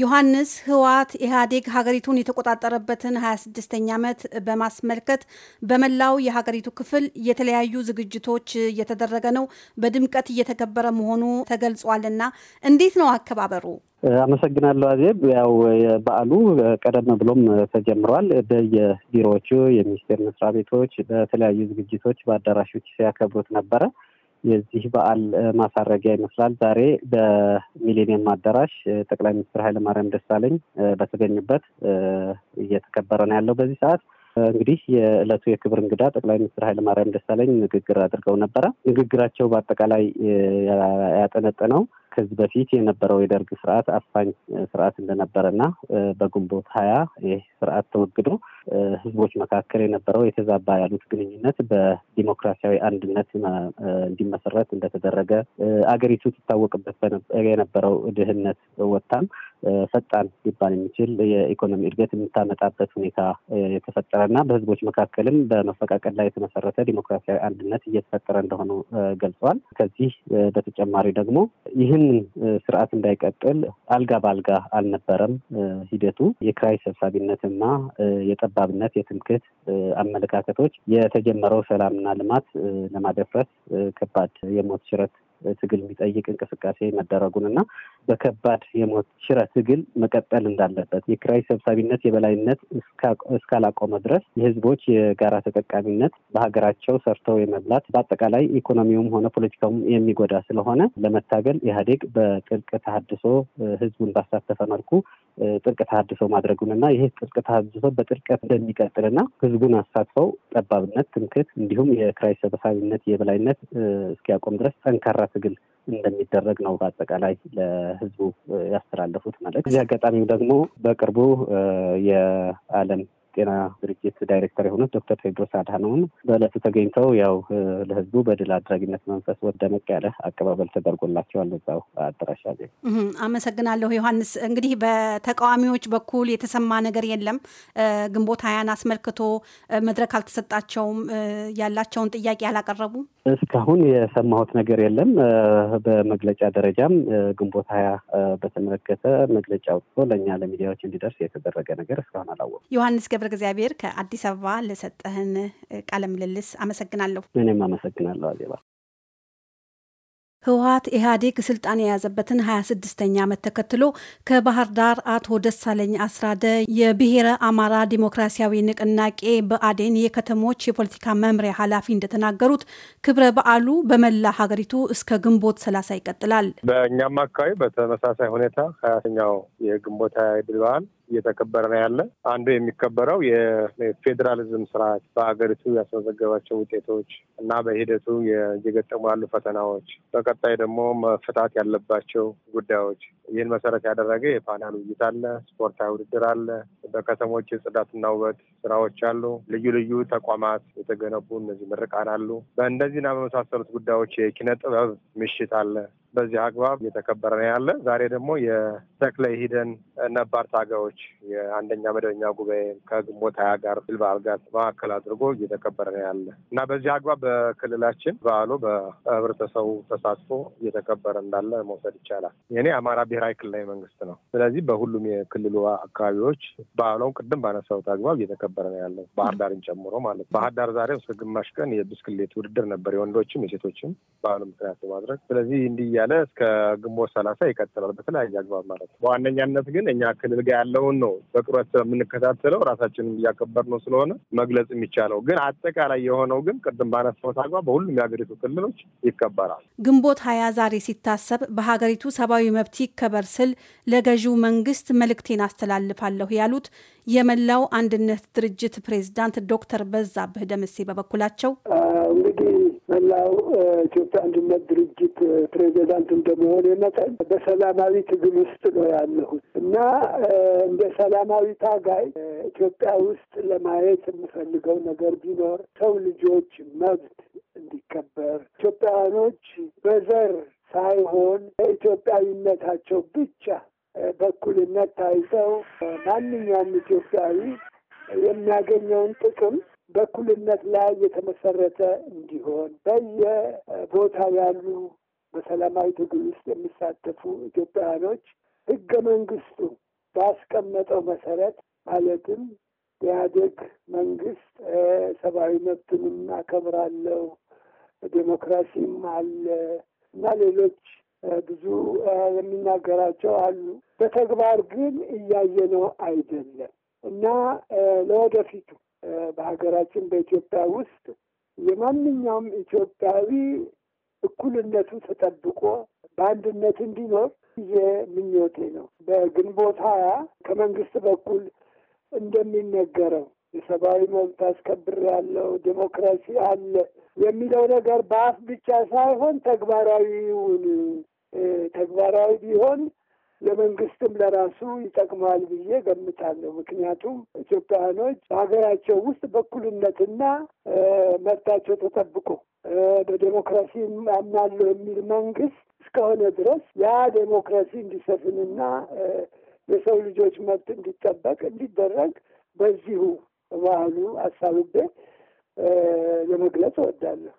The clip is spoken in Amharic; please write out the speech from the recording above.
ዮሐንስ ህወሓት ኢህአዴግ ሀገሪቱን የተቆጣጠረበትን 26ኛ ዓመት በማስመልከት በመላው የሀገሪቱ ክፍል የተለያዩ ዝግጅቶች እየተደረገ ነው፣ በድምቀት እየተከበረ መሆኑ ተገልጿልና እንዴት ነው አከባበሩ? አመሰግናለሁ አዜብ። ያው በዓሉ ቀደም ብሎም ተጀምሯል። በየቢሮዎቹ የሚኒስቴር መስሪያ ቤቶች በተለያዩ ዝግጅቶች በአዳራሾች ሲያከብሩት ነበረ። የዚህ በዓል ማሳረጊያ ይመስላል። ዛሬ በሚሊኒየም አዳራሽ ጠቅላይ ሚኒስትር ኃይለማርያም ደሳለኝ በተገኙበት እየተከበረ ነው ያለው። በዚህ ሰዓት እንግዲህ የዕለቱ የክብር እንግዳ ጠቅላይ ሚኒስትር ኃይለማርያም ደሳለኝ ንግግር አድርገው ነበረ። ንግግራቸው በአጠቃላይ ያጠነጠነው ከዚህ በፊት የነበረው የደርግ ስርዓት አፋኝ ስርዓት እንደነበረና በግንቦት ሀያ ይህ ስርዓት ተወግዶ ህዝቦች መካከል የነበረው የተዛባ ያሉት ግንኙነት በዲሞክራሲያዊ አንድነት እንዲመሰረት እንደተደረገ አገሪቱ ትታወቅበት የነበረው ድህነት ወጥታም ፈጣን ሊባል የሚችል የኢኮኖሚ እድገት የምታመጣበት ሁኔታ የተፈጠረና በህዝቦች መካከልም በመፈቃቀል ላይ የተመሰረተ ዲሞክራሲያዊ አንድነት እየተፈጠረ እንደሆኑ ገልጸዋል። ከዚህ በተጨማሪ ደግሞ ይህንን ስርዓት እንዳይቀጥል አልጋ በአልጋ አልነበረም ሂደቱ። የክራይ ሰብሳቢነትና የጠባብነት የትምክህት አመለካከቶች የተጀመረው ሰላምና ልማት ለማደፍረስ ከባድ የሞት ሽረት ትግል የሚጠይቅ እንቅስቃሴ መደረጉን እና በከባድ የሞት ሽረ ትግል መቀጠል እንዳለበት የኪራይ ሰብሳቢነት የበላይነት እስካላቆመ ድረስ የህዝቦች የጋራ ተጠቃሚነት በሀገራቸው ሰርተው የመብላት በአጠቃላይ ኢኮኖሚውም ሆነ ፖለቲካውም የሚጎዳ ስለሆነ ለመታገል ኢህአዴግ በጥልቅ ተሀድሶ ህዝቡን ባሳተፈ መልኩ ጥልቅ ተሀድሶ ማድረጉንና ይህ ጥልቅ ተሀድሶ በጥልቀት እንደሚቀጥልና ህዝቡን አሳትፈው ጠባብነት፣ ትምክህት እንዲሁም የኪራይ ሰብሳቢነት የበላይነት እስኪያቆም ድረስ ጠንካራ ትግል እንደሚደረግ ነው በአጠቃላይ ለህዝቡ ያስተላለፉት መልእክት። እዚህ አጋጣሚው ደግሞ በቅርቡ የዓለም ጤና ድርጅት ዳይሬክተር የሆኑት ዶክተር ቴድሮስ አድሃኖም በእለቱ ተገኝተው ያው ለህዝቡ በድል አድራጊነት መንፈስ ወደመቅ ያለ አቀባበል ተደርጎላቸዋል። እዛው አዳራሽ አመሰግናለሁ። ዮሐንስ እንግዲህ በተቃዋሚዎች በኩል የተሰማ ነገር የለም። ግንቦት ሀያን አስመልክቶ መድረክ አልተሰጣቸውም፣ ያላቸውን ጥያቄ አላቀረቡም። እስካሁን የሰማሁት ነገር የለም። በመግለጫ ደረጃም ግንቦት ሀያ በተመለከተ መግለጫ አውጥቶ ለእኛ ለሚዲያዎች እንዲደርስ የተደረገ ነገር እስካሁን አላወቁም። ዮሐንስ ገብረ ገብረ እግዚአብሔር ከአዲስ አበባ ለሰጠህን ቃለ ምልልስ አመሰግናለሁ። እኔም አመሰግናለሁ አዜባ። ህወሀት ኢህአዴግ ስልጣን የያዘበትን 26ኛ ዓመት ተከትሎ ከባህር ዳር አቶ ደሳለኝ አስራደ የብሔረ አማራ ዲሞክራሲያዊ ንቅናቄ በአዴን የከተሞች የፖለቲካ መምሪያ ኃላፊ እንደተናገሩት ክብረ በዓሉ በመላ ሀገሪቱ እስከ ግንቦት ሰላሳ ይቀጥላል። በእኛም አካባቢ በተመሳሳይ ሁኔታ ሀያተኛው የግንቦት ድል በዓል እየተከበረ ነው ያለ። አንዱ የሚከበረው የፌዴራሊዝም ስርዓት በሀገሪቱ ያስመዘገባቸው ውጤቶች እና በሂደቱ እየገጠሙ ያሉ ፈተናዎች፣ በቀጣይ ደግሞ መፍታት ያለባቸው ጉዳዮች፣ ይህን መሰረት ያደረገ የፓናል ውይይት አለ፣ ስፖርታዊ ውድድር አለ፣ በከተሞች የጽዳትና ውበት ስራዎች አሉ። ልዩ ልዩ ተቋማት የተገነቡ እነዚህ ምርቃን አሉ። በእንደዚህና በመሳሰሉት ጉዳዮች የኪነ ጥበብ ምሽት አለ። በዚህ አግባብ እየተከበረ ነው ያለ። ዛሬ ደግሞ የተክለ ሂደን ነባር ታጋዮች የአንደኛ መደበኛ ጉባኤ ከግንቦት ሀያ ጋር ድልበዓል ጋር መካከል አድርጎ እየተከበረ ነው ያለ እና በዚህ አግባብ በክልላችን በዓሉ በህብረተሰቡ ተሳትፎ እየተከበረ እንዳለ መውሰድ ይቻላል። የኔ አማራ ብሔራዊ ክልላዊ መንግስት ነው። ስለዚህ በሁሉም የክልሉ አካባቢዎች በዓሉም ቅድም ባነሳሁት አግባብ እየተከበረ ነው ያለው ባህር ዳርን ጨምሮ ማለት ነው። ባህር ዳር ዛሬ እስከ ግማሽ ቀን የብስክሌት ውድድር ነበር የወንዶችም የሴቶችም በዓሉ ምክንያት በማድረግ ስለዚህ እንዲህ እያለ እስከ ግንቦት ሰላሳ ይቀጥላል በተለያየ አግባብ ማለት ነው። በዋነኛነት ግን እኛ ክልል ጋር ያለውን ነው በቅርበት የምንከታተለው ራሳችንም እያከበር ነው ስለሆነ መግለጽ የሚቻለው ግን አጠቃላይ የሆነው ግን ቅድም ባነሳሁት አግባብ በሁሉም የሀገሪቱ ክልሎች ይከበራል። ግንቦት ሀያ ዛሬ ሲታሰብ በሀገሪቱ ሰብአዊ መብት ይከበር ስል ለገዢው መንግስት መልእክቴን አስተላልፋለሁ ያሉት የገለጹት የመላው አንድነት ድርጅት ፕሬዝዳንት ዶክተር በዛብህ ደምሴ በበኩላቸው እንግዲህ መላው ኢትዮጵያ አንድነት ድርጅት ፕሬዚዳንት እንደመሆን መጠን በሰላማዊ ትግል ውስጥ ነው ያለሁት እና እንደ ሰላማዊ ታጋይ ኢትዮጵያ ውስጥ ለማየት የምፈልገው ነገር ቢኖር ሰው ልጆች መብት እንዲከበር ኢትዮጵያውያኖች በዘር ሳይሆን በኢትዮጵያዊነታቸው ብቻ በኩልነት ታይተው ማንኛውም ኢትዮጵያዊ የሚያገኘውን ጥቅም በኩልነት ላይ የተመሰረተ እንዲሆን በየቦታው ያሉ በሰላማዊ ትግል ውስጥ የሚሳተፉ ኢትዮጵያውያኖች ህገ መንግስቱ ባስቀመጠው መሰረት ማለትም የኢህአዴግ መንግስት ሰብአዊ መብትን አከብራለው ዴሞክራሲም አለ እና ሌሎች ብዙ የሚናገራቸው አሉ። በተግባር ግን እያየነው አይደለም እና ለወደፊቱ በሀገራችን በኢትዮጵያ ውስጥ የማንኛውም ኢትዮጵያዊ እኩልነቱ ተጠብቆ በአንድነት እንዲኖር የምኞቴ ነው። በግንቦት ሀያ ከመንግስት በኩል እንደሚነገረው የሰብአዊ መብት አስከብር ያለው ዴሞክራሲ አለ የሚለው ነገር በአፍ ብቻ ሳይሆን ተግባራዊውን ተግባራዊ ቢሆን ለመንግስትም ለራሱ ይጠቅማል ብዬ ገምታለሁ። ምክንያቱም ኢትዮጵያውያኖች በሀገራቸው ውስጥ በእኩልነትና መብታቸው ተጠብቆ በዴሞክራሲ አምናለሁ የሚል መንግስት እስከሆነ ድረስ ያ ዴሞክራሲ እንዲሰፍንና የሰው ልጆች መብት እንዲጠበቅ እንዲደረግ በዚሁ ባህሉ አሳብቤ ለመግለጽ እወዳለሁ።